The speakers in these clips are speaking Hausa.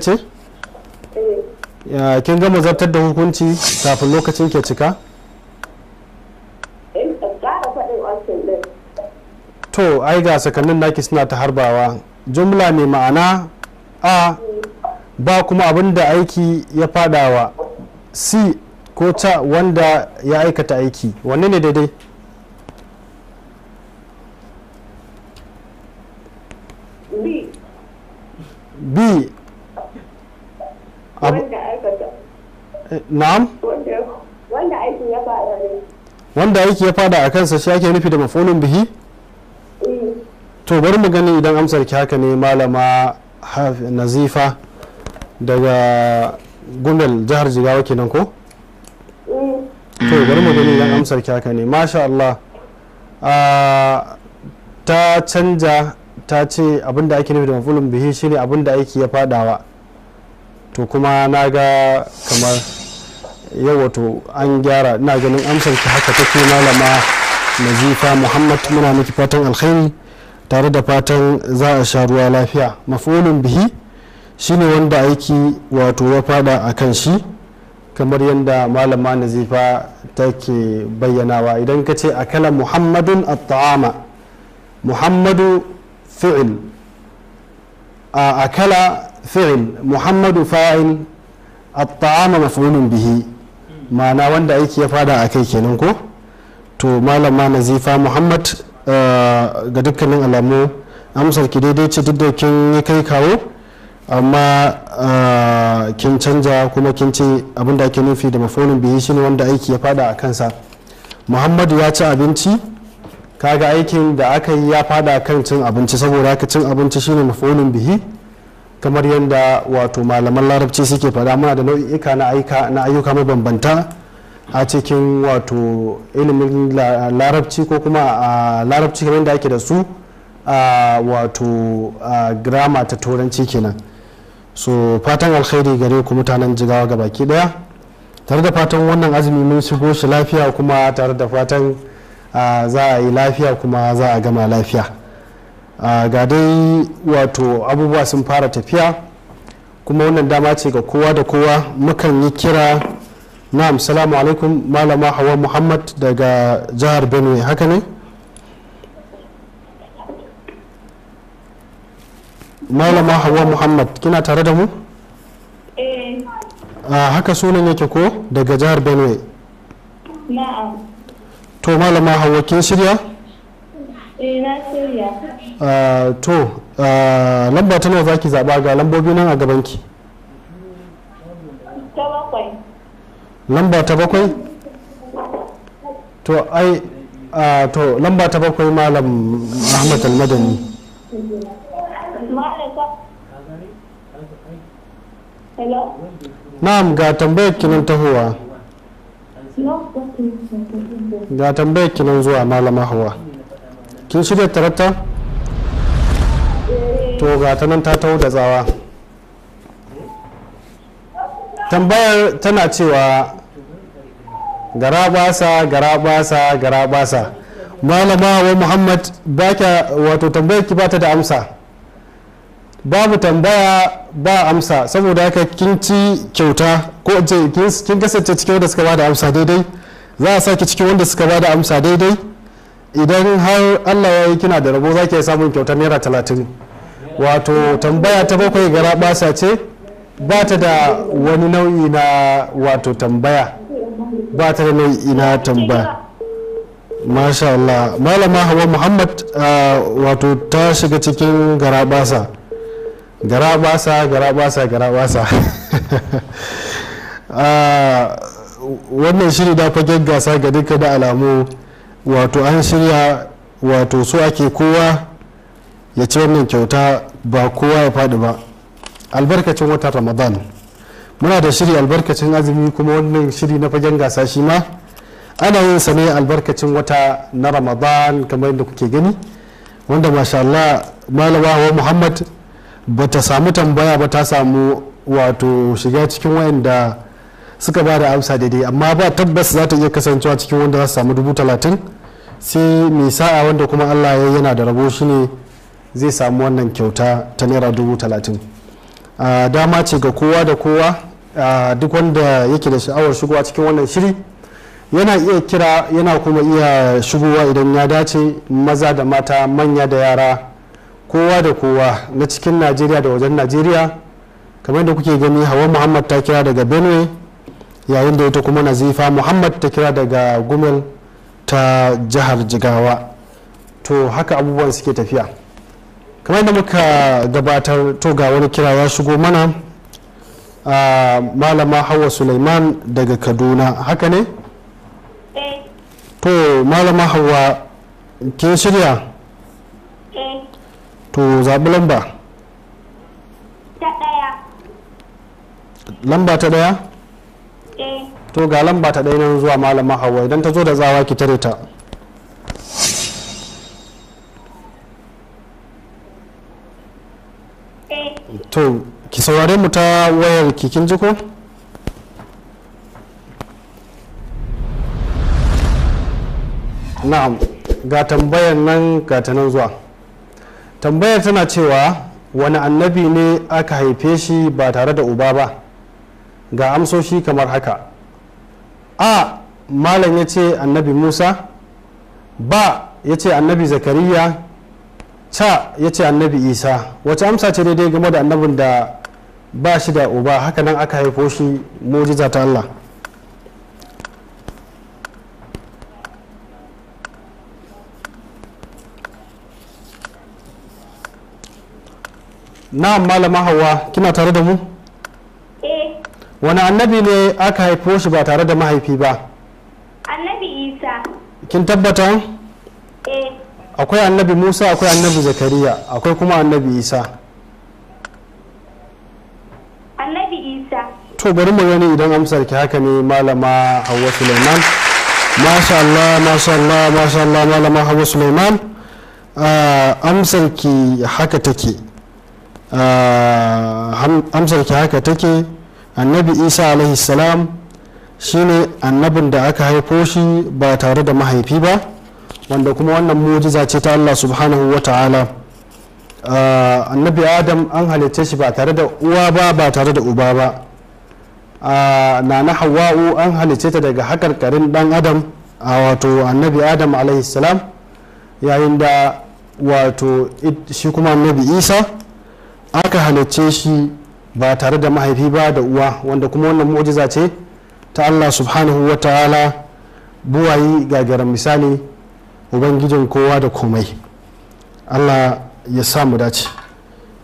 ce kin gama zartar da hukunci kafin lokacin ke cika eh, to ai ga sakannin naki suna ta harbawa jumla ne ma'ana a ba kuma abin da aiki ya fadawa c ko ta wanda ya aikata aiki wanne ne daidai b Eh, na'am wanda aiki ya fada wanda aiki ya fada a kansa shi ake nufi da mafulun bihi eh. to bari mu gani idan amsar ki haka ne malama nazifa daga gumel jihar jigawa kenan ko eh. to bari mu gani idan amsar ki haka ne masha Allah ah, ta canja ta ce abinda ake nufi da mafulun bihi shine abinda aiki ya fadawa to kuma na ga kamar yau wato an gyara ina ganin amsar ki haka take malama nazifa muhammad muna miki fatan alkhairi tare da fatan za a sha ruwa lafiya mafolin bihi shine wanda aiki wato ya fada a kan shi kamar yadda malama nazifa take bayyanawa idan ka ce kala muhammadun at-ta'ama muhammadu fi'il a akala fi'il muhammadu fa'il at-ta'ama maf'ulun bihi ma'ana wanda aiki ya fada a kai kenan ko to ma nazifa muhammad eh, ga dukkanin alamu amsar ki daidai ce duk da kin yi kai kawo amma eh, kin canja kuma kin ce da ake nufi da mafolin bihi shine wanda aiki ya fada a kansa muhammadu ya ci abinci kaga aikin da aka yi ya fada kan cin abinci saboda aka cin abinci shine mafolin bihi kamar yadda wato malaman larabci suke fada muna da nau'ika na ayyuka mabambanta a cikin wato ilimin larabci ko kuma a larabci kamar yadda ake da su a wato grama ta turanci kenan so fatan alkhairi gare ku mutanen jigawa ga baki daya tare da fatan wannan azumi mun shigo shi lafiya kuma tare da fatan za a yi lafiya kuma za a gama lafiya Ah, ga dai wato abubuwa sun fara tafiya kuma wannan dama ce ga kowa da kowa mukan yi kira na'am salamu alaikum malama hawa muhammad daga jihar benue haka ne malama hawa muhammad kina tare da mu eh. a ah, haka sunan yake ko daga jihar benue na'am to malama hawa kin shirya Uh, to uh, lamba ta nawa zaki zaba ga lambobi nan a gabanki ta bakwai lamba ta bakwai to ai uh, to lamba ta bakwai malam ahmad almadani na'am ga tambayar kinan tahowa ga tambayar kinan zuwa malama hawa kin shirya tarakta to ga ta nan ta taho da zawa tambayar tana cewa gara basa gara basa gara basa malama wa muhammad baka wato tambayar ki bata da amsa babu tambaya ba amsa saboda haka kin ci kyauta ko kin kasance cikin wanda suka ba da amsa daidai za a sake cikin wanda suka ba da amsa daidai idan har allah ya yi kina da rabo za ki samun kyautar naira talatin wato tambaya ta bakwai gara basa ce ba ta da wani nau'i na wato tambaya ba ta da nau'i na tambaya masha allah malama hawa muhammad ah, wato ta shiga cikin gara basa gara basa gara basa gara basa ah, wannan shiri da fagen gasa ga duka da alamu wato an shirya wato su ake kowa ya ci wannan kyauta ba kowa ya faɗi ba albarkacin wata ramadan muna da shiri albarkacin azumi kuma wannan shiri na fagen gasa shi ma ana yin sa ne albarkacin wata na ramadan kamar yadda kuke gani wanda masha Allah malama wa muhammad ba ta samu tambaya ba ta samu wato shiga cikin wayanda suka ba da amsa daidai amma ba tabbas za ta iya kasancewa cikin wanda za su samu dubu talatin sai mai sa'a wanda kuma allah ya yana da rabo shi ne zai samu wannan kyauta ta naira dubu talatin dama ce ga kowa da kowa duk wanda yake da sha'awar shigowa cikin wannan shiri yana iya kira yana kuma iya shigowa idan ya dace maza da mata manya da yara kowa da kowa na cikin najeriya da wajen najeriya kamar da kuke gani hawa muhammad ta kira daga benue yayin da ita kuma nazifa muhammad ta kira daga gumel ta jihar jigawa to haka abubuwan suke tafiya kamar da muka gabatar to ga wani kira ya shigo mana malama hawa suleiman daga kaduna haka ne eh. to malama hawa ke shirya eh. to zaɓi lamba ta ɗaya lamba ta ɗaya to ga lamba ta ɗaya nan zuwa malama hawa idan ta zo da tsawa ki tare ta to ki saurare mu ta wayar kikin ji ko na'am ga tambayar nan ga ta nan zuwa tambayar tana cewa wani annabi ne aka haife shi ba tare da uba ba ga amsoshi kamar haka a malam ya ce annabi musa ba ya ce annabi zakariya ca ya ce annabi isa wace amsa ce daidai game da annabin da ba shi da uba haka nan aka haifo shi mujiza ta allah na malama hawa kina tare da mu? eh wani annabi ne aka haifo shi ba tare da mahaifi ba annabi isa kin tabbata eh akwai annabi musa akwai annabi zakariya akwai kuma annabi isa annabi isa to bari mu gani idan amsar ki haka ne malama hawa suleiman masha Allah masha Allah masha Allah malama hawa suleiman ah, amsar ki haka take ah, amsar ki haka take annabi isa alaihi salam shine annabin da aka haifo shi ba tare da mahaifi ba wanda kuma wannan mujiza ce ta allah subhanahu wa ta'ala ah, annabi adam an halitta shi ba tare da uwa ba ba tare da uba ba ah, na na hawa'u an halitta ta daga hakarkarin dan adam a wato annabi adam alaihi salam yayin da wato shi kuma annabi isa aka halicce shi ba tare da mahaifi ba da uwa wanda kuma wannan mu'jiza ce ta Allah subhanahu wa ta'ala buwayi garan misali ubangijin kowa da komai Allah ya samu dace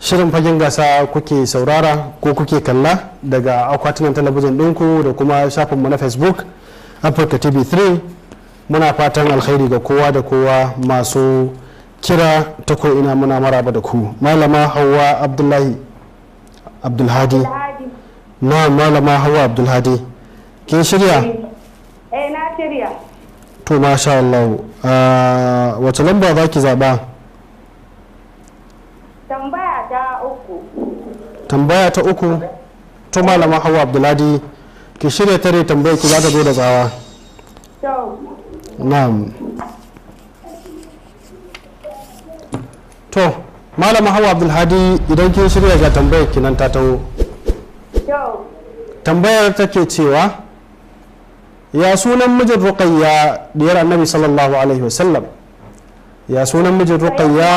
shirin fagen gasa kuke saurara ko kuke kalla daga akwatunan talabijin ɗinku da kuma shafinmu na facebook africa tv 3 muna fatan alkhairi ga kowa da kowa masu kira ta ko ina muna maraba da ku malama hawa abdullahi abdulhadi na malama hawa abdulhadi kin shirya eh na shirya to masha Allah ah, wace lamba za ki zaɓa tambaya ta uku tambaya ta uku to malama hawa abdulhadi ki shirya tare tambayar ki za ta zo da tsawa na'am to malama hawa abdulhadi idan kin shirya ga tambayar kinan ta taho tambayar take cewa ya sunan mijin ruqayya diyar annabi sallallahu alaihi wasallam ya sunan mijin ruqayya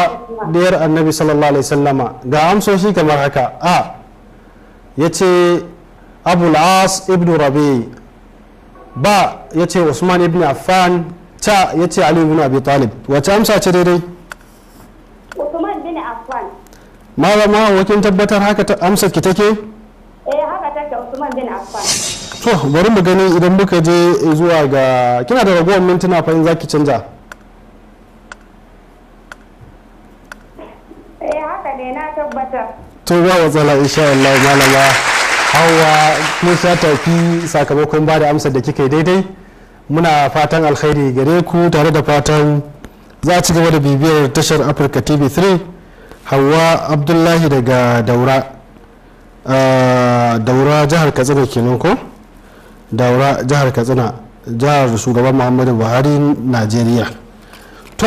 diyar annabi sallallahu alaihi wasallama ga amsoshi kamar haka a yace abul as ibnu rabi ba yace usman ibn affan ta yace ali ibn abi talib wacce amsa ce daidai malama wakin tabbatar haka ta amsar ki take eh haka take Usman bin Affan to bari mu gani idan muka je zuwa ga kina da ragowar mintuna fa in zaki canja. eh haka ne na tabbata to ba matsala insha Allah malama hawa mun sha tafi sakamakon ba da amsar da kika daidai muna fatan alkhairi gare ku tare da fatan za ci gaba da bibiyar tashar Africa TV 3 hawa abdullahi daga daura ah, daura jihar katsina kenan ko daura jihar katsina jihar shugaban muhammadu buhari najeriya to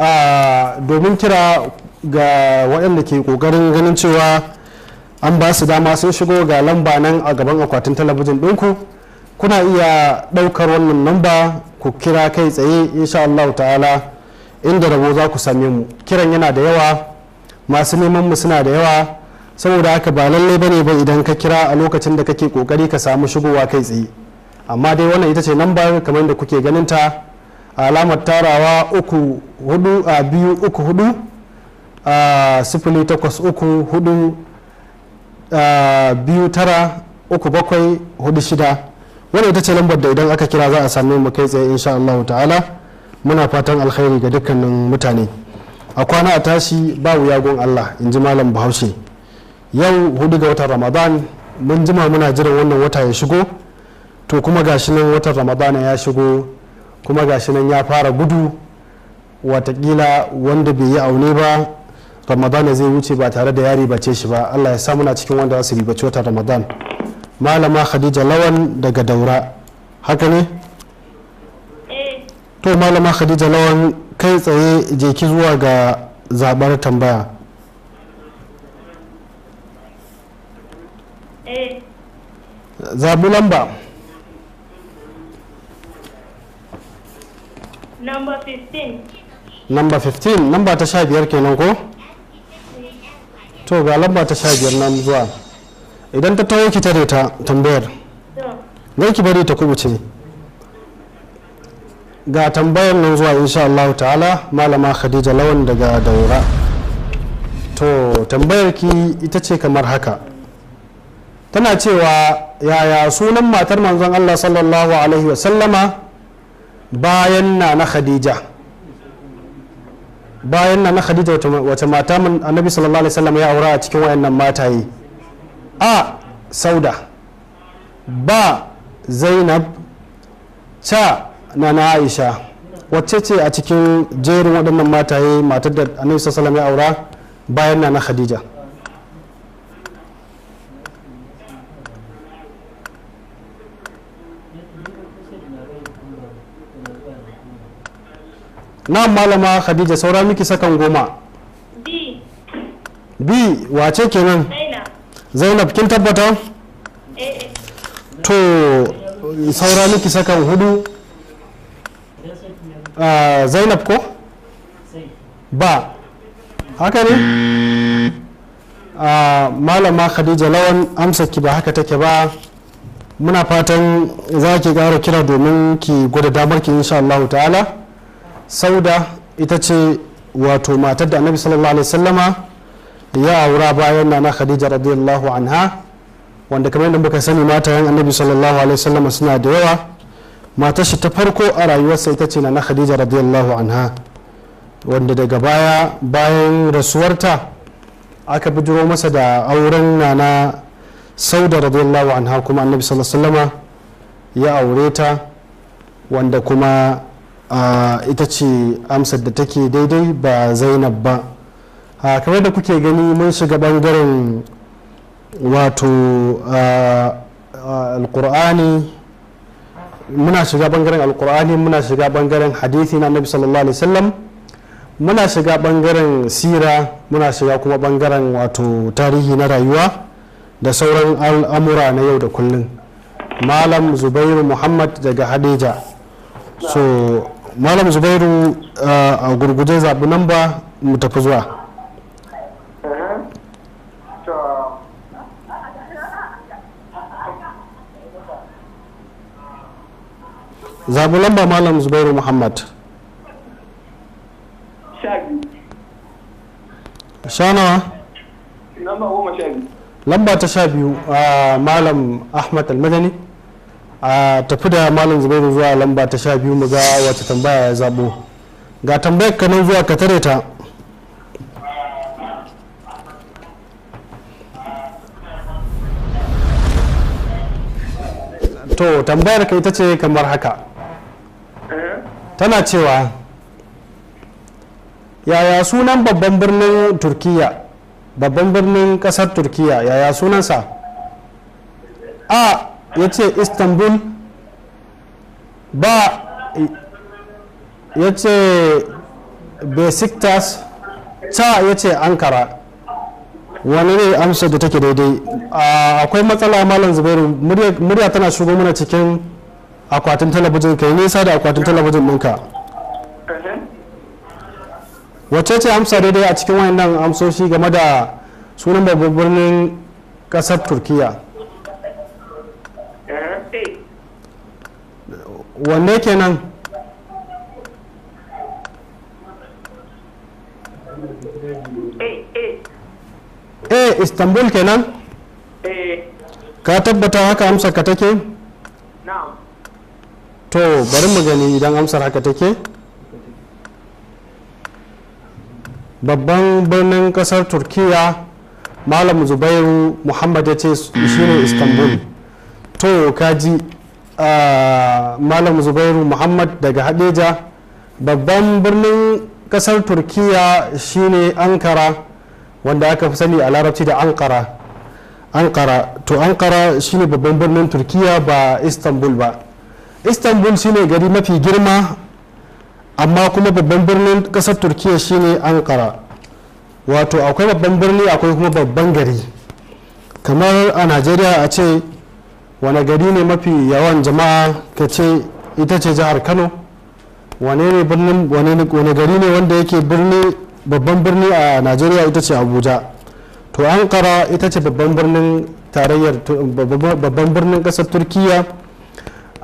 ah, domin kira ga waɗanda ke ƙoƙarin ganin cewa an ba su dama sun shigo ga lamba nan a gaban akwatin talabijin ɗinku kuna iya ɗaukar wannan lamba ku kira kai tsaye insha Allah ta'ala inda rabo za ku same mu kiran yana da yawa masu neman mu suna da yawa saboda haka ba lalle ne ba idan ka kira a lokacin da kake kokari ka samu shigowa kai tsaye amma dai wannan ita ce lambar kamar da kuke ganin ta alamar tarawa uku hudu a biyu uku hudu a sifili takwas uku hudu a wannan ita ce lambar da idan aka kira za a same mu kai tsaye insha Allah ta'ala muna fatan alkhairi ga dukkanin mutane a kwana a tashi ba wuya gun allah in ji malam bahaushe yau hudu ga watan ramadan mun jima muna jiran wannan wata ya shigo to kuma gashi nan watan ramadan ya shigo kuma gashi nan ya fara gudu watakila wanda bai yi aune ba ramadan zai wuce ba tare da yari bace shi ba allah ya sa muna cikin wanda za su ribaci watan ramadan malama khadija lawan daga daura haka ne to malama khadija lawan kai tsaye je ki zuwa ga zabar tambaya eh. zabi lamba namba 15 namba 15 lamba ta sha biyar kenan ko to ga lamba ta sha biyar nan zuwa idan ta tawo ki tare ta tambayar zai ki bari ta kubuce ga tambayar nan zuwa insha Allah ta'ala malama khadija lawan daga daura to tambayar ki ita ce kamar haka tana cewa yaya sunan matar manzon Allah sallallahu alaihi sallama bayan na na khadija bayan na na khadija wace mata annabi sallallahu alaihi sallama ya aura a cikin wayannan mataye a sauda ba zainab ca na na aisha wacce ce a cikin jerin waɗannan mataye matar da annabi sallallahu ya aura bayan na na khadija na malama khadija saura miki sakan goma b wace kenan zainab kin tabbata eh, eh. to saura miki sakan hudu Ah, zainab ko ba haka ne ah, malama khadija lawan amsa ki ba haka take ba muna fatan za ki gara kira domin ki gwada damar ki insha Allah ta'ala sauda ita ce wato matar da annabi sallallahu alaihi wasallama ya aura bayan nana khadija radiyallahu anha wanda kamar yadda muka sani mata annabi sallallahu alaihi wasallama suna da yawa matar shi ta farko a rayuwarsa ita ce na khadija radiyallahu anha wanda daga baya bayan rasuwarta aka bijiro masa da auren nana sauda radiyallahu anha kuma annabi sallallahu ya aure ta wanda kuma ita ce amsar da take daidai ba zainab ba kamar da kuke gani mun shiga bangaren wato alkur'ani muna shiga bangaren alkur'ani muna shiga bangaren hadithi na annabi sallallahu alaihi wasallam muna shiga bangaren sira muna shiga kuma bangaren wato tarihi na rayuwa da sauran al'amura na yau da kullum malam zubairu muhammad daga hadija so malam zubairu uh, a gurguje zaɓi ba mu tafi zuwa zaɓi lamba malam zubairu muhammad sha nawa lamba ta sha biyu a malam ahmad almadani a tafi da malam zubairu zuwa lamba ta sha biyu mu ga wata tambaya ya zabo ga tambayar kanan zuwa ka tare ta to tambayar ka ita ce kamar haka tana cewa yaya sunan babban birnin turkiya babban birnin kasar turkiya yaya sunansa a ya ce istanbul ba ya ce besiktas ta ya ce ankara wani ne amsa da take daidai akwai matsala malam zubairu murya tana shigo mana cikin akwatin talabijin ka yi nisa da akwatin talabijin ɗinka wacce ce amsa daidai a cikin wayannan amsoshi game da sunan babban birnin ƙasar turkiya wanne kenan a eh, eh. eh, istanbul kenan ka tabbata haka amsa ka take? to bari mu gani idan amsar haka take babban birnin kasar turkiya malam zubairu muhammad ya ce shi ne istanbul to kaji ah, malam zubairu muhammad daga hadeja babban birnin kasar turkiya ne ankara wanda aka fi sani a larabci da ankara ankara to ankara shi ne babban birnin turkiya ba istanbul ba istanbul shine gari mafi girma amma kuma babban birnin kasar turkiya shine ankara wato akwai babban birni akwai kuma babban gari kamar a najeriya a ce wane gari ne mafi yawan jama'a ka ce ita ce jihar kano wane ne birnin wane gari ne wanda yake birni babban birni a najeriya ita ce abuja to ankara ita ce babban birnin tarayyar babban birnin kasar turkiya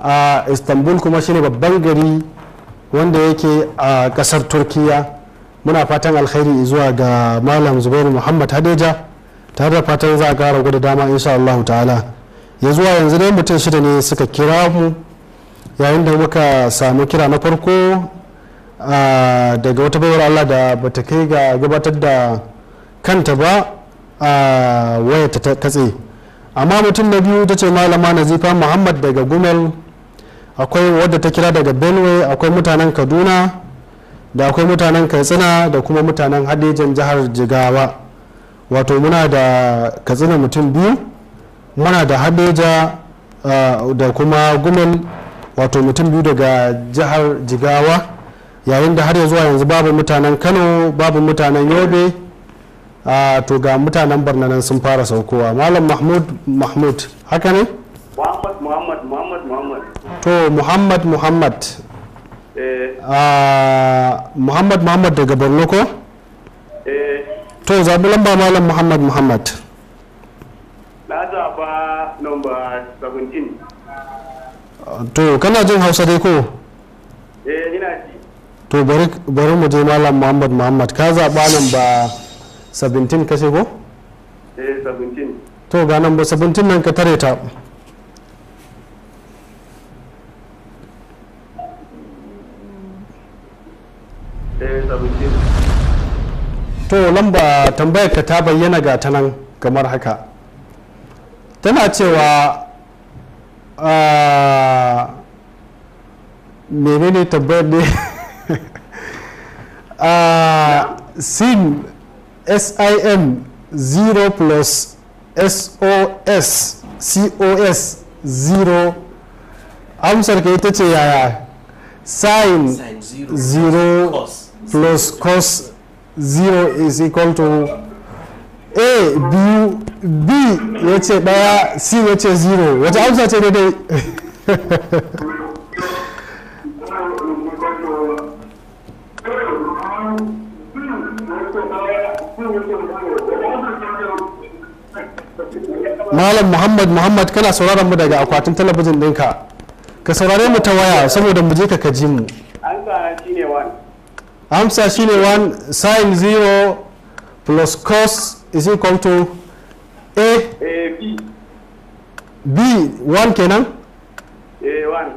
a istanbul kuma shine babban gari wanda yake a kasar turkiya muna fatan alkhairi zuwa ga malam zubairu muhammad hadeja tare da fatan za a kara gwada dama insha allahu ta'ala ya zuwa yanzu dai mutum shida ne suka kira mu yayin da muka samu kira na farko daga wata bayar allah da bata kai ga gabatar da kanta ba a waya ta katse amma mutum na biyu ta ce malama nazifa muhammad daga gumel akwai wadda ta kira daga benue akwai mutanen kaduna da akwai mutanen katsina da kuma mutanen hadejan jihar jigawa wato muna da katsina mutum biyu muna da hadeja uh, da kuma gumel wato mutum biyu daga jihar jigawa yayin da har yanzu zuwa yanzu babu mutanen kano babu mutanen yobe uh, to ga mutanen barnanan sun fara saukowa malam mahmud mahmud haka ne? to muhammad muhammad eh ah, muhammad muhammad daga borno ko eh to zaɓi lamba malam muhammad muhammad na zaɓa lamba 17 to kana jin hausa dai ko eh ina ji to bari bari mu je malam muhammad muhammad ka zaɓa lamba 17 kashe ko eh 17 to ga nan 17 nan ka tare ta eh. to lamba tambayar ka ta bayyana ga ta nan kamar haka tana cewa ah, menene tambayar ne sin ah, sim 0 plus sos cos 0 amsar ka ita ce yaya sin 0 plus cos 0 is equal to a biyu b ya ce daya c ya ce 0 wata amsa ce daidai malam muhammad muhammad kana sauraron mu daga akwatin talabijin ɗinka ka saurare mu ta waya saboda mu je ka kaji mu an shine wani amsa shine 1 sin 0 plus cos is equal to a, a b b 1 kenan a 1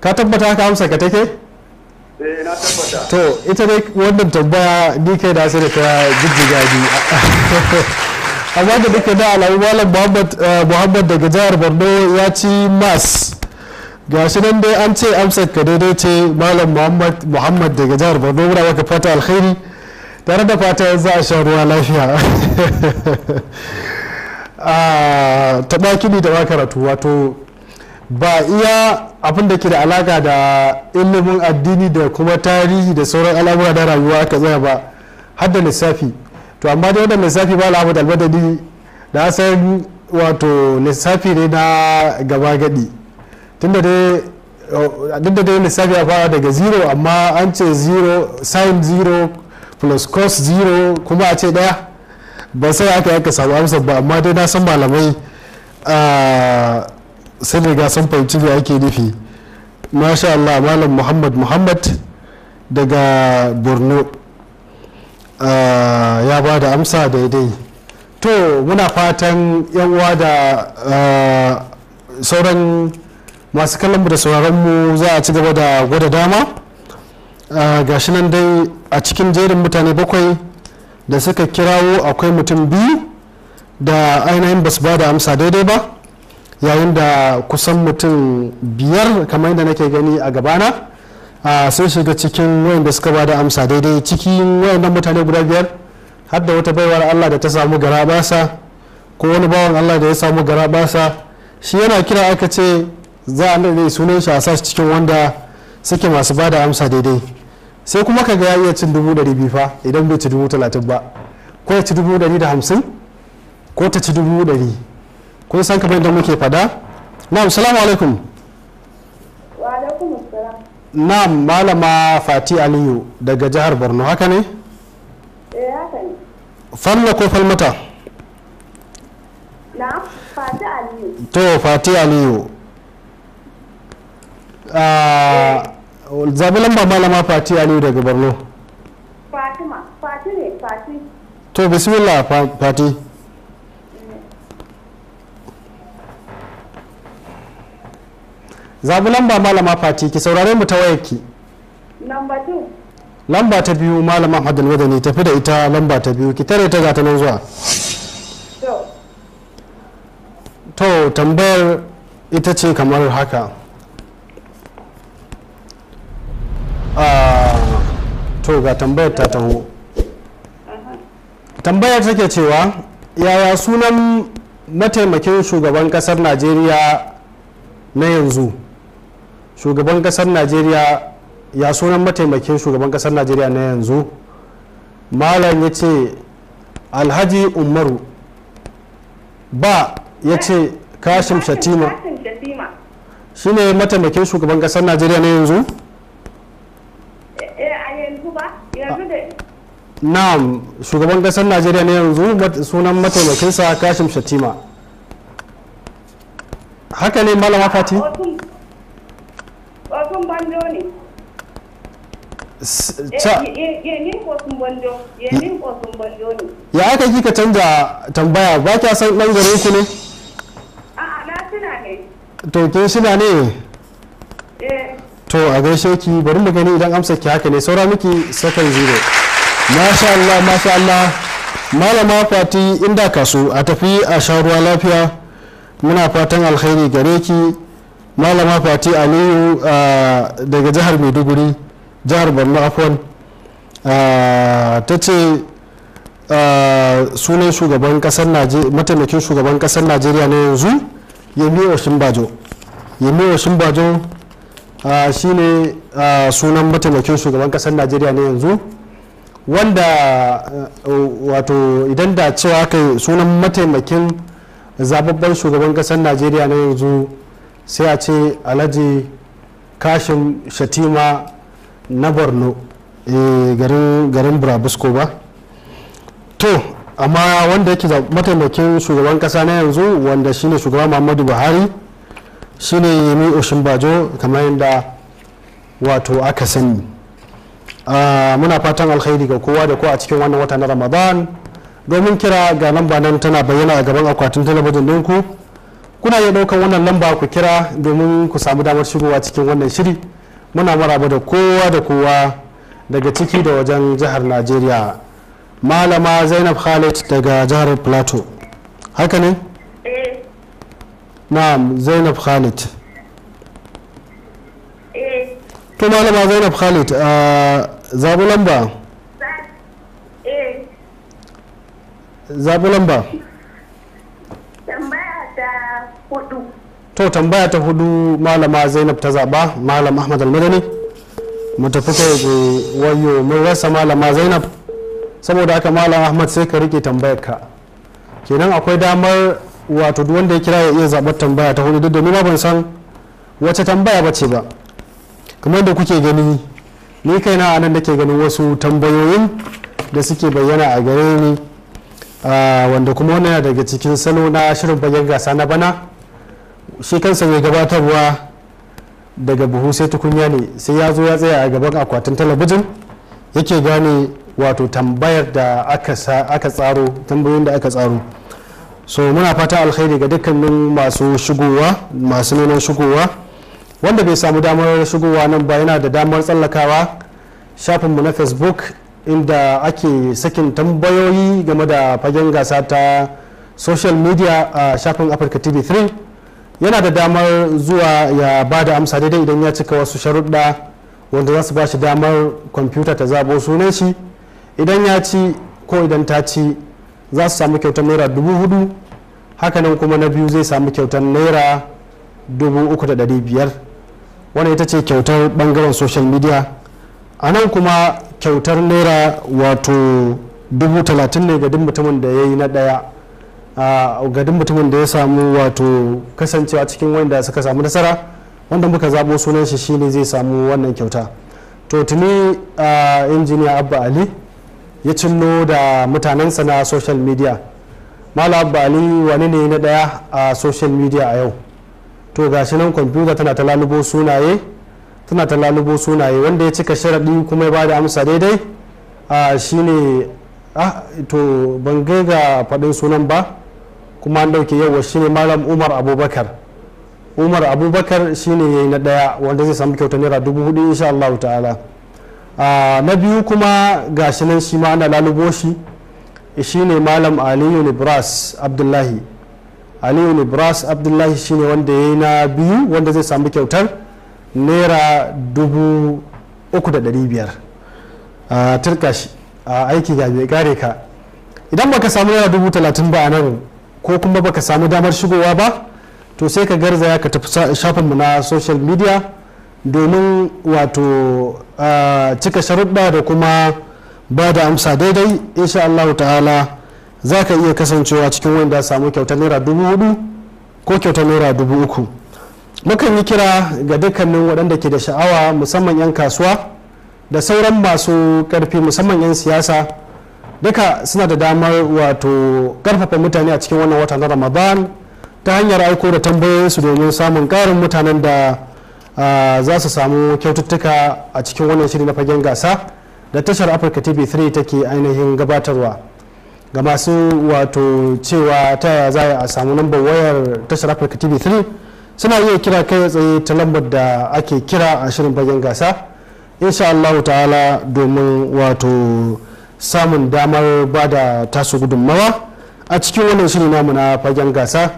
ka tabbata ka amsa ka take na to ita dai wannan tambaya dk da sai da kira jijjiga amma da duka da alamu malam eh, muhammad daga jihar borno ya ci mass gashi shi nan dai an ce amsar ka daidai ce malam muhammad daga jihar borno muna maka fata alkhairi tare da fata za a sha ruwa lafiya a taɓa kiɗi da ba karatu wato ba iya abin da ke da alaka da ilimin addini da kuma tarihi da sauran al'amura da rayuwa aka tsaya ba har da lissafi to amma dai wannan lissafi ba al'amur da albadani da asalin wato lissafi ne na gaba gadi tunda dai oh, da dai lissafi ya fara daga zero amma an ce zero sin zero plus cos zero kuma a ce daya ba sai aka aka samu amsa ba amma dai na san malamai sun riga sun fahimci da ake nufi masha Allah malam muhammad muhammad daga borno ya ba da amsa daidai to muna fatan yan uwa da sauran masu kallon mu da sauraron mu za a ci gaba da gwada dama ga shi nan dai a cikin jerin mutane bakwai da suka kirawo akwai mutum biyu da ainihin basu ba da amsa daidai ba yayin da kusan mutum biyar kamar yadda nake gani a gabana sun shiga cikin wayanda suka ba da amsa daidai cikin wayannan mutane guda biyar har da wata baiwar allah da ta samu gara basa ko wani bawan allah da ya samu gara basa shi yana kira aka ce za a ne sunan shi a sashi cikin wanda suke masu ba da amsa daidai sai kuma ka ga ya iya cin dubu ɗari biyu fa idan bai ci dubu talatin ba ko ya ci dubu ɗari da hamsin ko ta ci dubu ɗari ya san kamar yadda muke fada na'am salamu alaikum alaikum assalam na'am malama fati aliyu daga jihar borno haka ne eh ko falmata na'am fati aliyu to fati aliyu Ah, zabi lamba malama fati aliyu daga borno fatima fati ne fati to bismillah fati zabi lamba malama fati ki saurare mu ta wayarki lamba 2 lamba ta biyu malama hadal wadani tafi da ita lamba ta biyu ki tare ta gata nan zuwa to tambayar ita ce kamar haka Ah, to ga tambayar ta taho tambayar take cewa yaya sunan mataimakin shugaban kasar najeriya na yanzu shugaban kasar najeriya ya sunan mataimakin shugaban kasar najeriya na yanzu malam ya ce alhaji umaru ba ya ce kashim shatima shi ne mataimakin shugaban kasar najeriya na yanzu Eh, na'am shugaban kasar najeriya ne yanzu sunan mataimakinsa kashim shatima haka ne malama fati otun bando ne ya aka kika canza tambaya ba kya san ɗan gare ku ne a'a na suna ne to ke shida ne to a gaishe ki bari mu gani idan amsa ki haka ne saura miki sakan zero masha Allah masha Allah malama fati inda kasu a tafi a sharuwa lafiya muna fatan alkhairi gare ki malama fati aliyu daga jihar maiduguri jihar borno afon ta ce sunan shugaban kasar mataimakin shugaban kasar najeriya na yanzu yemi oshinbajo yemi Ah, shi ne ah, sunan mataimakin shugaban kasar najeriya ne yanzu wanda eh, wato idan da cewa kai sunan mataimakin zababban shugaban kasar najeriya na yanzu sai a ce alhaji kashin shatima na borno eh, garin burabusko ba to amma wanda yake mataimakin shugaban kasa na yanzu wanda shine shugaban muhammadu buhari shine yemi bajo kamar yadda wato aka sani muna fatan alkhairi ga kowa da kowa a cikin wannan wata na ramadan domin kira ga lamba nan tana bayyana a gaban akwatin talabijin ɗinku kuna iya ɗaukar wannan lamba ku kira domin ku samu damar shigowa cikin wannan shiri muna maraba da kowa da kowa daga ciki da wajen jihar najeriya malama zainab khalid daga jihar plateau haka ne na'am zainab khalid to eh. malama zainab khalid a zabu lamba eh. zabu lamba to tambaya ta hudu malama zainab ta zaba malam ahmad almadani mu tafi kai ga wayo mun rasa malama zainab saboda haka malam ahmad sai ka rike tambayar ka kenan akwai damar wato duk wanda ya kira ya iya zaɓar tambaya ta hudu domin ma ban san wace tambaya ba ce ba kamar da kuke gani ni kaina a nan nake ganin wasu tambayoyin da suke bayyana a gare ni wanda kuma wannan yana daga cikin salo na shirin bayan gasa na bana shi kansa mai gabatarwa daga buhu sai tukunya ne sai ya zo ya tsaya a gaban akwatin talabijin yake gane wato tambayar da aka tsaro tambayoyin da aka tsaro so muna fata alkhairi ga dukkanin masu shigowa masu neman shigowa wanda bai samu damar shigowa nan ba yana da damar tsallakawa shafinmu na facebook inda ake sakin tambayoyi game da fagen gasa ta social media a shafin africa tv 3 yana da damar zuwa ya ba da amsa daidai idan ya cika wasu sharuɗa wanda za su ba shi damar kwamfuta ta zabo sunan shi idan ya ci ko idan ta ci za su sami kyautar naira dubu hudu hakanan kuma na biyu zai sami kyautar naira dubu uku da dari biyar wannan ita ce kyautar bangaren social media a nan kuma kyautar naira wato dubu talatin ne gadin mutumin da ya yi na daya a gadin mutumin da ya samu wato kasancewa cikin wanda suka samu nasara wanda muka zabo sunan shi shine zai samu wannan kyauta to tuni injiniya abba ali ya cinno da mutanensa na social media malam abba ali wani ne na daya a social media a yau to gashi nan kwamfuta tana ta lalubo sunaye tana ta lalubo sunaye wanda ya cika sharaɗi kuma ya bada amsa daidai a shine ah to ban ga faɗin sunan ba kuma an yau yawa shine malam umar abubakar umar abubakar shine yi na ɗaya wanda zai samu kyauta naira dubu hudu insha allahu ta'ala na biyu kuma ga shi nan shi ma ana lalubo shi shi ne malam aliyu nibras abdullahi aliyu nibras abdullahi shi ne wanda ya yi na biyu wanda zai samu kyautar naira dubu uku da biyar a turka shi a aiki ga bai gare ka idan baka samu naira dubu talatin ba a nan ko kuma baka samu damar shigowa ba to sai ka ya ka tafi shafinmu na social media domin wato cika sharuɗa da kuma ba da amsa daidai insha Allah ta'ala za ka iya kasancewa cikin wanda samu kyautar naira dubu hudu ko kyautar naira dubu uku mukan yi kira ga dukkanin waɗanda ke da sha'awa musamman 'yan kasuwa da sauran masu ƙarfi musamman 'yan siyasa duka suna da damar wato ƙarfafa mutane a cikin wannan wata na ramadan ta hanyar aiko da tambayoyinsu domin samun ƙarin mutanen da Ah, za su samu kyaututtuka a cikin wannan shiri na fagen gasa da tashar afirka tv 3 take ainihin gabatarwa ga masu wato cewa ta za a samu lambar wayar tashar afirka tv 3 suna iya kira kai tsaye ta lambar da ake kira a shirin fagen gasa insha Allah ta'ala domin wato samun damar ba da tasu gudunmawa a cikin wannan shiri namu na fagen gasa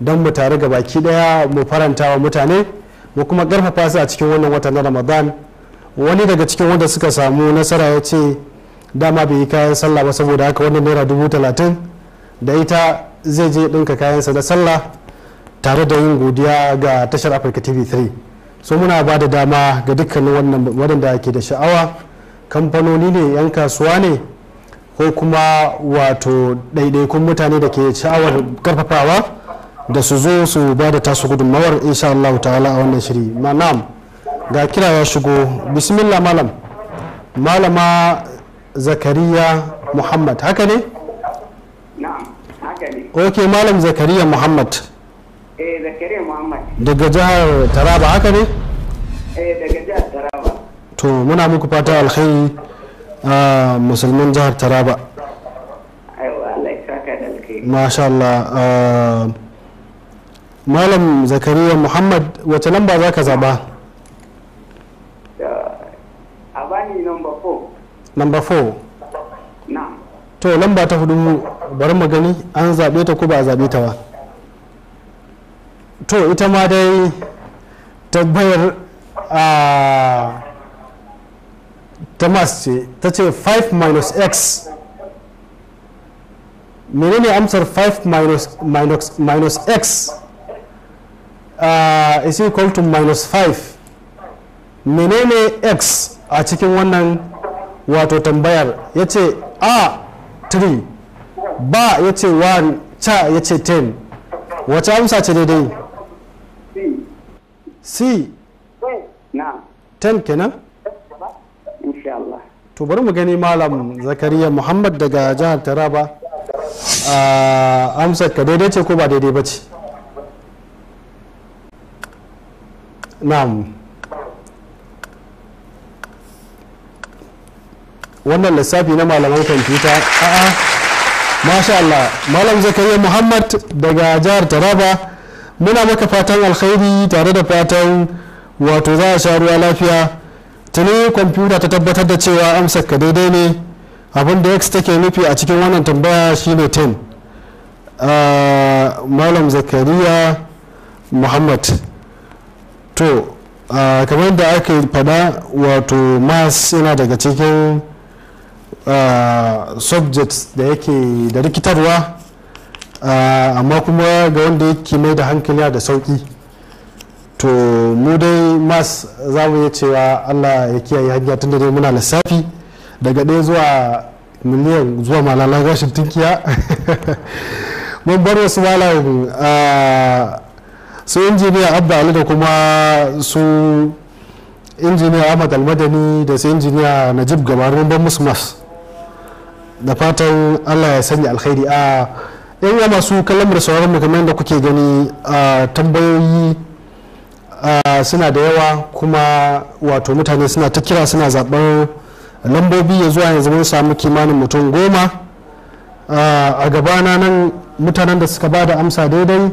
don mu tare ga baki daya mu faranta wa mutane mu kuma karfafa su a cikin wannan wata na ramadan wani daga cikin wanda suka samu nasara ya ce dama bai yi kayan sallah ba saboda haka wannan naira dubu talatin da ita zai je ɗinka kayansa na sallah tare da yin godiya ga tashar afirka tv 3 so muna ba da dama ga dukkanin wannan waɗanda ke da sha'awa kamfanoni ne 'yan kasuwa ne ko kuma wato ɗaiɗaikun mutane da ke sha'awar karfafawa da su zo su ba da tasu gudunmawar insha Allah ta'ala a wannan shiri manam ga kira ya shigo bismillah malam malama zakariya muhammad haka ne? ok malam zakariya muhammad eh zakariya muhammad daga jihar taraba haka ne? eh daga jihar taraba to muna muku fata alkhairi a ah, musulman jihar taraba aiwa Allah da masha Allah ah, malam zakariya muhammad wace lamba za ka zaba a bani lamba 4 number 4 to lamba ta hudu bari mu gani an zabe ta ko ba a zabe ta ba to ita ma dai tabbayar a tamas ce ta ce 5 minus x menene amsar 5 minus, minus, minus x uh, is equal to minus 5 menene x a cikin wannan wato tambayar ya ce a 3 ba ya ce 1 ca ya ce 10 wace amsa ce daidai c 10 kenan to bari mu gani malam zakariya muhammad daga jihar taraba uh, amsar ka daidai ce ko ba daidai ba ce na'am wannan lissafi na malaman kwamfuta a'a masha Allah malam zakariya muhammad daga jihar taraba muna maka fatan alkhairi tare da fatan wato za a sha ruwa lafiya tuni kwamfuta ta tabbatar da cewa amsar ka daidai ne abin da x take nufi a cikin wannan tambaya shine 10 ah, malam zakariya muhammad to kamar da aka fada wato mas yana daga cikin subjects da yake da rikitarwa amma kuma ga wanda yake mai da hankali da sauki to mu dai mas za mu iya cewa allah ya kiyaye hanya tun da dai muna lissafi daga ɗaya zuwa miliyan zuwa malalan rashin tunkiya mun bar wasu malayin su injiniya abu ali da kuma su injiniya ahmad almadani da su injiniya najib gabarin ban musmas da fatan allah ya sanya alkhairi a yan yama su kallon da sauran mu kamar yadda kuke gani a tambayoyi suna da yawa kuma wato mutane suna ta kira suna zaɓar lambobi ya zuwa yanzu mun samu kimanin mutum goma a gabana nan mutanen da suka ba da amsa daidai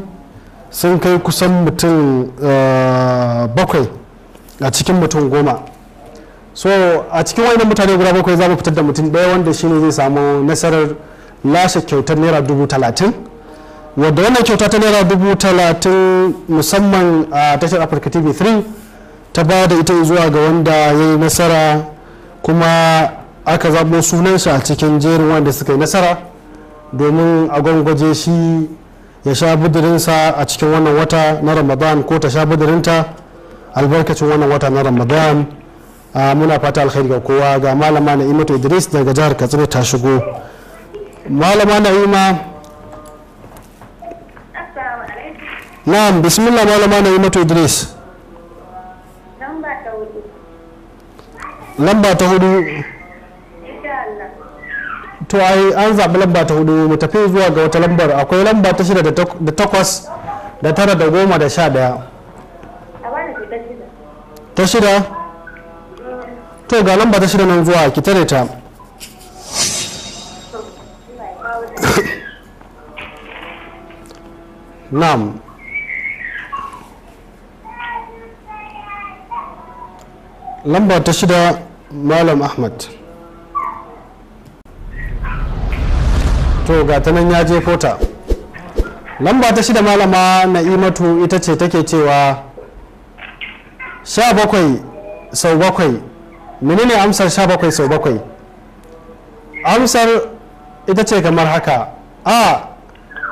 sun kai kusan mutum eh, bakwai a cikin mutum goma so a cikin wani mutane guda bakwai za mu fitar da mutum ɗaya wanda shine zai samu nasarar lashe kyautar naira dubu talatin wadda wannan kyauta ta naira dubu talatin musamman a tashar afirka tv 3 ta ba da ita zuwa ga wanda ya yi nasara kuma aka zaɓo sunansa a cikin jerin wanda suka yi nasara domin a gwangwaje shi ya sha budurinsa a cikin wannan wata na ramadan ko ta sha budurinta albarkacin wannan wata na ramadan a muna fata alkhairi ga kowa ga malama na imatu idris daga jihar katsina ta shigo malama na ima na'am bismillah malama na imatu idris lamba ta hudu to ai an zaɓi lamba ta hudu mu tafi zuwa ga wata lambar akwai lamba ta shida da takwas da tara da goma da sha daya ta shida to ga lamba ta shida nan zuwa ki tare ta nam lamba ta shida malam ahmad to ga ta nan ya je kota lamba ta shida malama na imatu ita ce take cewa sha bakwai sau bakwai menene amsar sha bakwai sau bakwai amsar ita ce kamar haka a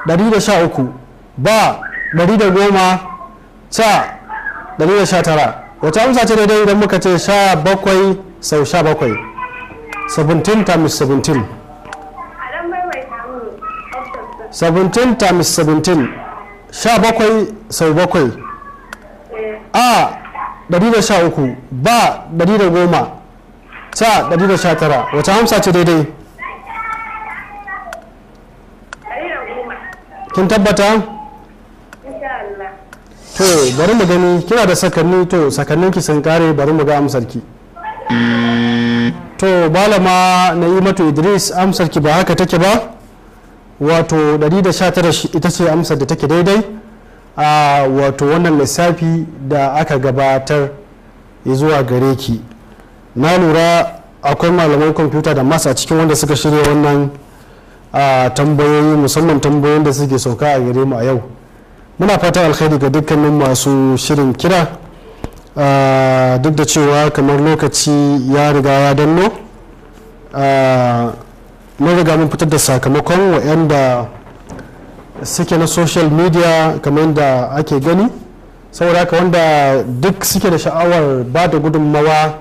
113 ba 110 ca 119 wata amsa ce daidai idan muka ce sha bakwai sau sha bakwai 17 times 17 17 times 17 bakwai sau bakwai a 113 ba 110 ta 119 wata hamsa ce daidai kin tabbata to bari mu gani kina da sakanni to sakannin ki sun kare bari mu ga amsarki to balama na yi mato idris amsarki ba haka take ba wato 119 ita ce amsar da take daidai a wato wannan lissafi da aka gabatar zuwa gare ki na lura akwai malaman kwamfuta da masu a cikin wanda suka shirya wannan tambayoyi musamman tambayoyin da suke sauka a gare mu a yau muna fatan alkhairi ga dukkanin masu shirin kira duk da cewa kamar lokaci ya riga ya danno mun riga mun fitar da sakamakon waɗanda suke na social media kamar da ake gani saboda haka wanda duk suke da sha'awar ba da gudunmawa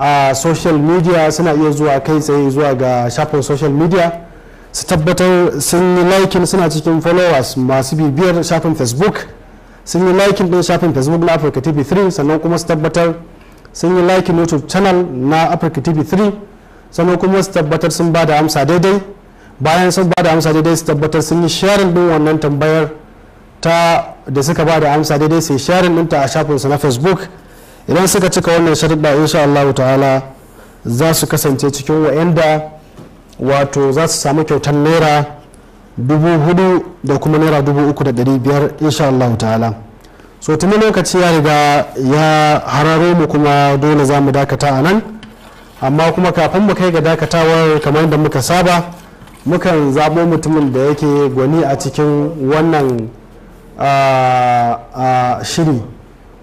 a social media suna iya zuwa kai tsaye zuwa ga shafin social media su tabbatar sun yi likin suna cikin followers masu bibiyar shafin facebook sun yi likin din shafin facebook na africa tv 3 sannan kuma su tabbatar sun yi likin youtube channel na africa tv 3 sannan kuma su tabbatar sun ba da amsa daidai bayan sun ba da amsa daidai su tabbatar sun yi sharing din wannan tambayar ta da suka ba da amsa daidai su yi sharing ɗinta a shafinsu na facebook idan suka cika wannan sharuɗa insha Allah ta'ala za su kasance cikin wa'anda wato za su samu kyautar naira dubu hudu da kuma naira dubu uku da ɗari biyar insha Allah ta'ala so tuni lokaci ya riga ya hararo mu kuma dole za mu dakata a nan amma kuma kafin mu kai ga dakatawar kamar da muka saba mukan zaɓo mutumin da yake gwani a cikin wannan shiri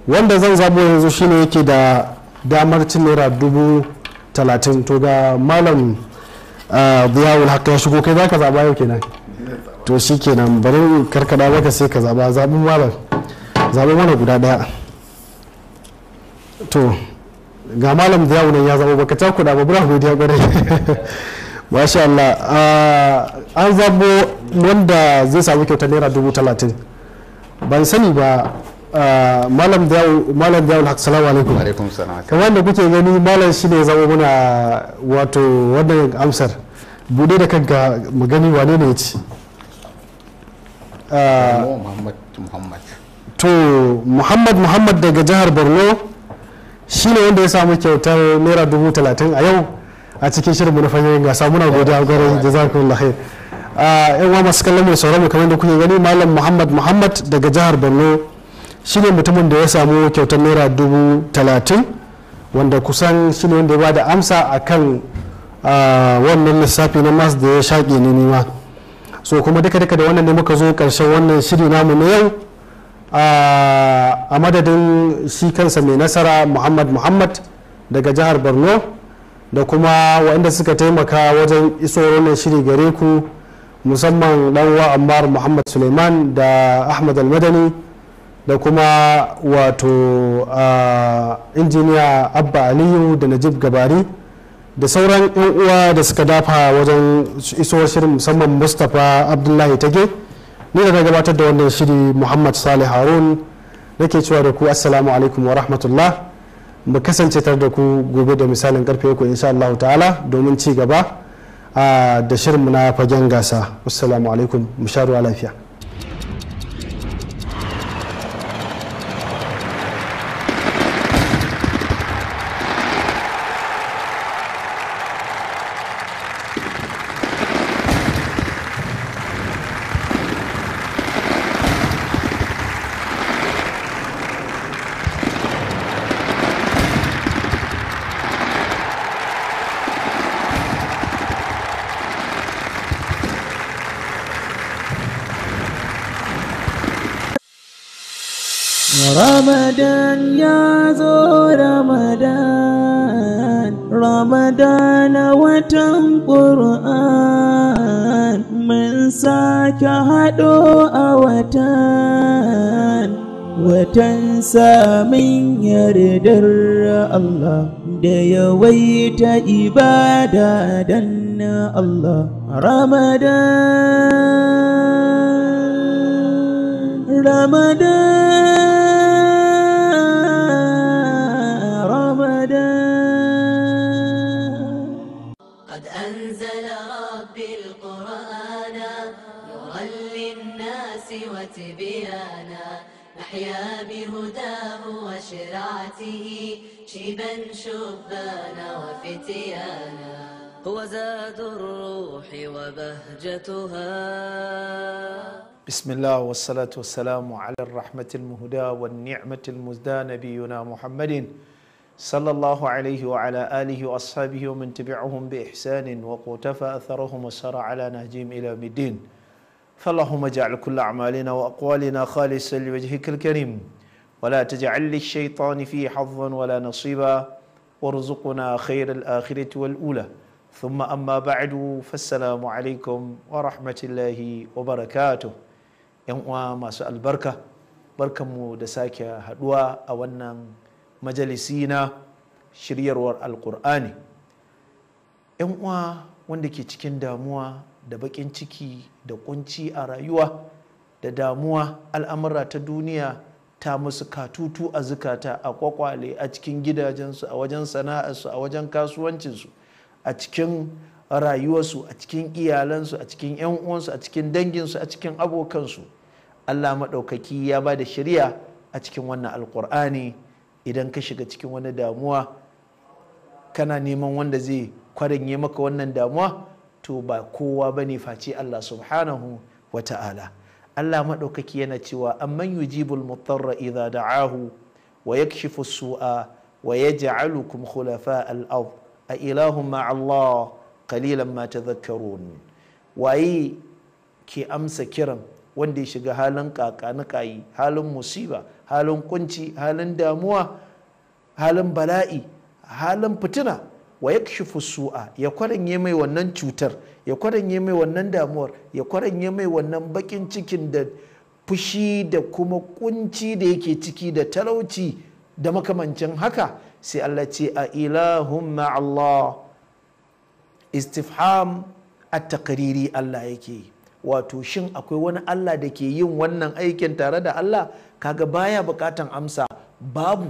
wanda zan zaɓo yanzu shine yake da damar cin naira dubu talatin to ga malam biyawul haka ya shigo kai za ka zaɓa yau kenan to shi kenan bari karkada maka sai ka zaɓa zaɓi malam zaɓi mana guda ɗaya to ga malam da yawunan ya zama baka da ba bura ya kwarai masha Allah ah, an zabo wanda zai samu kyauta naira dubu talatin ban sani ba ah, malam da yawun haka salamu alaikum kamar da kuke gani malam shi ne zama muna wato wannan amsar bude da kanka mu gani wane ne ya ci ah, to muhammad muhammad daga jihar borno shi ne wanda ya samu kyautar naira dubu talatin a yau a cikin shirin mu na fahimin gasa muna godiya za ku lahir yan wa masu kallon mu sauran mu kamar da kuke gani malam muhammad muhammad daga jihar borno shi ne mutumin da ya samu kyautar naira dubu talatin wanda kusan shi ne wanda ya bada amsa a kan wannan lissafi na mas da ya shaƙe ni nima so kuma duka-duka da wannan ne muka zo ƙarshen wannan shiri namu na yau a madadin shi kansa mai nasara muhammad muhammad daga jihar borno da kuma waɗanda suka taimaka wajen iso wannan shiri gare ku musamman ɗanwa ammar muhammad suleiman da ahmad almadani da kuma wato injiniya abba aliyu da najib gabari da sauran 'yan uwa da suka dafa wajen iso shirin musamman mustapha abdullahi tage ni da na gabatar da wannan shiri muhammad salih harun ke cewa da ku assalamu alaikum wa rahmatullah mu kasance tare da ku gobe da misalin karfe uku insha allahu ta'ala domin ci gaba ah, da shirinmu na fagen gasa assalamu alaikum mu sha ruwa lafiya Ramadan ya zo Ramadan Ramadan watan Qur'an mun sake haɗo a watan watan samun yardar Allah da yawaita ibada dan Allah Ramadan Ramadan أحيا بهداه وشرعته شيبا شبانا وفتيانا هو زاد الروح وبهجتها بسم الله والصلاة والسلام على الرحمة المهدى والنعمة المزدى نبينا محمد صلى الله عليه وعلى آله وأصحابه ومن تبعهم بإحسان وقوتف أثرهم وسار على نهجهم إلى الدين فاللهم اجعل كل أعمالنا وأقوالنا خالصا لوجهك الكريم ولا تجعل للشيطان فيه حظا ولا نصيبا وارزقنا خير الآخرة والأولى ثم أما بعد فالسلام عليكم ورحمة الله وبركاته يوم ما سأل بركة بركة مدساك هدوى أولا مجلسينا شرير القرآن يوم wanda ke cikin damuwa da baƙin ciki da kunci a rayuwa da damuwa al'amura ta duniya ta musu katutu a zukata a kwakwale a cikin gidajensu a wajen sana'arsu a wajen kasuwancinsu a cikin rayuwarsu a cikin iyalansu a cikin 'yan uwansu a cikin danginsu a cikin abokansu allah maɗaukaki ya ba da shirya a cikin wannan alkur'ani idan ka shiga cikin wani damuwa kana neman wanda zai kwarin maka wannan damuwa to ba kowa ba ne face Allah subhanahu wa ta'ala Allah maɗaukaki yana cewa amman yujibul mutarra idha da'ahu wa yakshifu su'a wa yaj'alukum khulafa al-ard a ilahun ma'allah kalilan ma tadhakkarun waye ke amsa kiran wanda ya shiga halin kayi, halin musiba halin kunci halin damuwa halin bala'i halin fitina wa yakshifu su'a ya kwaranye mai wannan cutar ya kwaranye mai wannan damuwar ya kwaranye mai wannan bakin cikin da fushi da kuma kunci da yake ciki da talauci da makamancin haka sai Allah ce a ilahun Allah istifham a takariri Allah yake wato shin akwai wani Allah da ke yin wannan aikin tare da Allah kaga baya bukatan amsa babu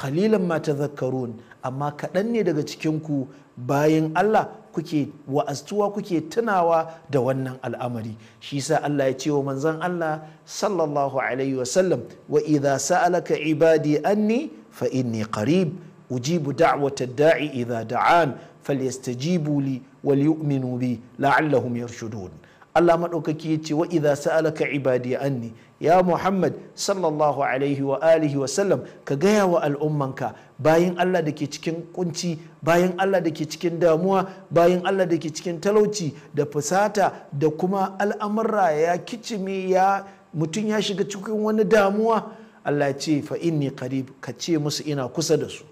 kalilan ma tazakkarun amma kaɗan ne daga cikinku bayan Allah kuke wa'aztuwa kuke tunawa da wannan al'amari shi sa Allah ya ce wa manzon Allah sallallahu alaihi wasallam wa idza sa'alaka ibadi anni fa inni qarib ujibu da'wata da'i idza da'an falyastajibu li wal yu'minu bi la'allahum yarshudun Allah maɗaukaki ya ce wa idza sa'alaka ibadi anni ya muhammad sallallahu alaihi wa alihi wa sallam ka gaya wa al'ummanka bayan allah da ke cikin kunci bayan allah da ke cikin damuwa bayan allah da ke cikin talauci da fusata da kuma al'amurra ya kicimi ya mutum ya shiga cikin wani damuwa allah ce fa inni qarib ka ce musu ina kusa da su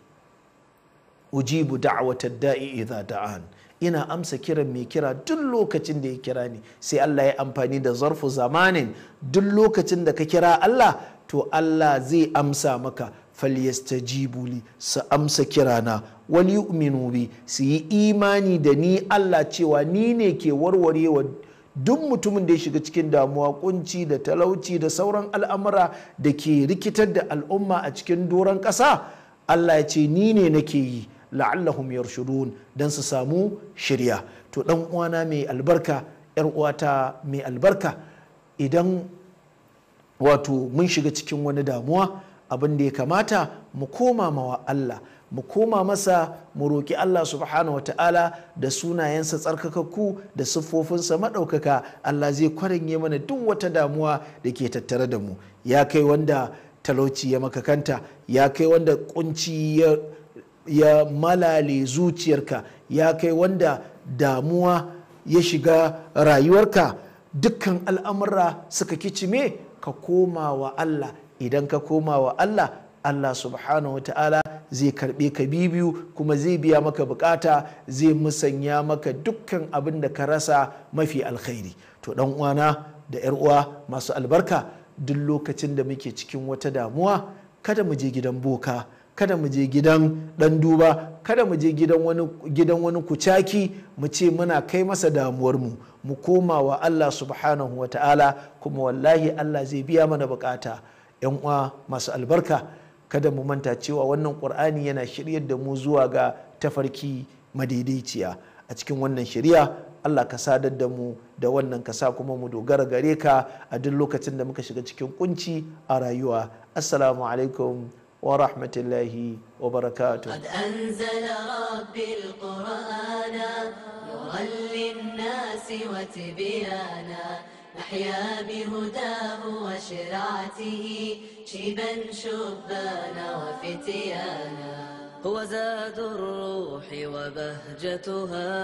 ujibu da'awatar da'i idan da'an ina amsa kiran mai kira duk lokacin da ya kira ni sai Allah ya amfani da zarfu zamanin duk lokacin da ka kira Allah to Allah zai amsa maka falyasta jibuli su amsa kirana wali yu'minu bi su yi imani da ni Allah cewa ni ne ke warwarewa duk mutumin da ya shiga cikin damuwa kunci da talauci da sauran al'amura da ke rikitar da al'umma a cikin doron ƙasa Allah ya ce ni ne nake yi la'allahum yarshudun dan su samu shirya to dan uwana mai albarka yar uwata mai albarka idan wato mun shiga cikin wani damuwa abin da ya kamata mu koma mawa Allah mu koma masa mu roƙi Allah subhanahu wata'ala da sunayensa tsarkakakku da siffofinsa maɗaukaka Allah zai kwaranye mana duk wata damuwa da ke tattare da mu ya kai wanda talauci ya makakanta ya kai wanda kunci ya ya malale zuciyarka ya kai wanda damuwa ya shiga rayuwarka dukkan al'amura suka kicime ka koma wa Allah idan ka koma wa Allah Allah subhanahu ta'ala zai karbe ka bibiyu kuma zai biya maka bukata zai musanya maka dukkan abin da ka rasa mafi alkhairi to dan uwana da yar uwa masu albarka duk lokacin da muke cikin wata damuwa kada mu je gidan boka kada mu je gidan ɗan duba kada mu je gidan wani kucaki mu ce muna kai masa damuwar mu koma wa Allah subhanahu wa ta'ala kuma wallahi Allah zai biya mana bukata yan uwa masu albarka kada mu manta cewa wannan qur'ani yana shiryar da mu zuwa ga tafarki madaidaiciya a cikin wannan shirya Allah ka sadar da mu da wannan kasa kuma mu dogara gare ka a duk lokacin da muka shiga cikin kunci a rayuwa assalamu alaikum ورحمة الله وبركاته قد أنزل ربي القرآن نورا للناس وتبيانا نحيا بهداه وشرعته شيبا شبانا وفتيانا هو زاد الروح وبهجتها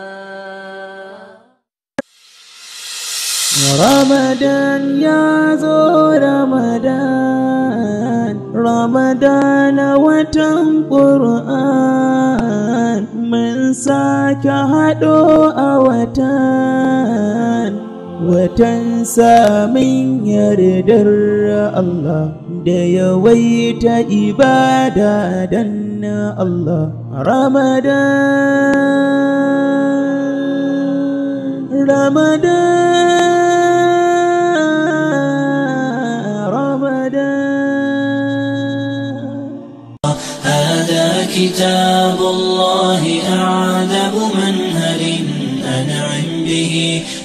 رمضان يا ذو رمضان Ramadana watan Ƙur'an mun sake haɗo a watan watan samin yardar Allah da yawaita ibada dan Allah Ramadan Ramadan كتاب الله أعذب منهل أنعم به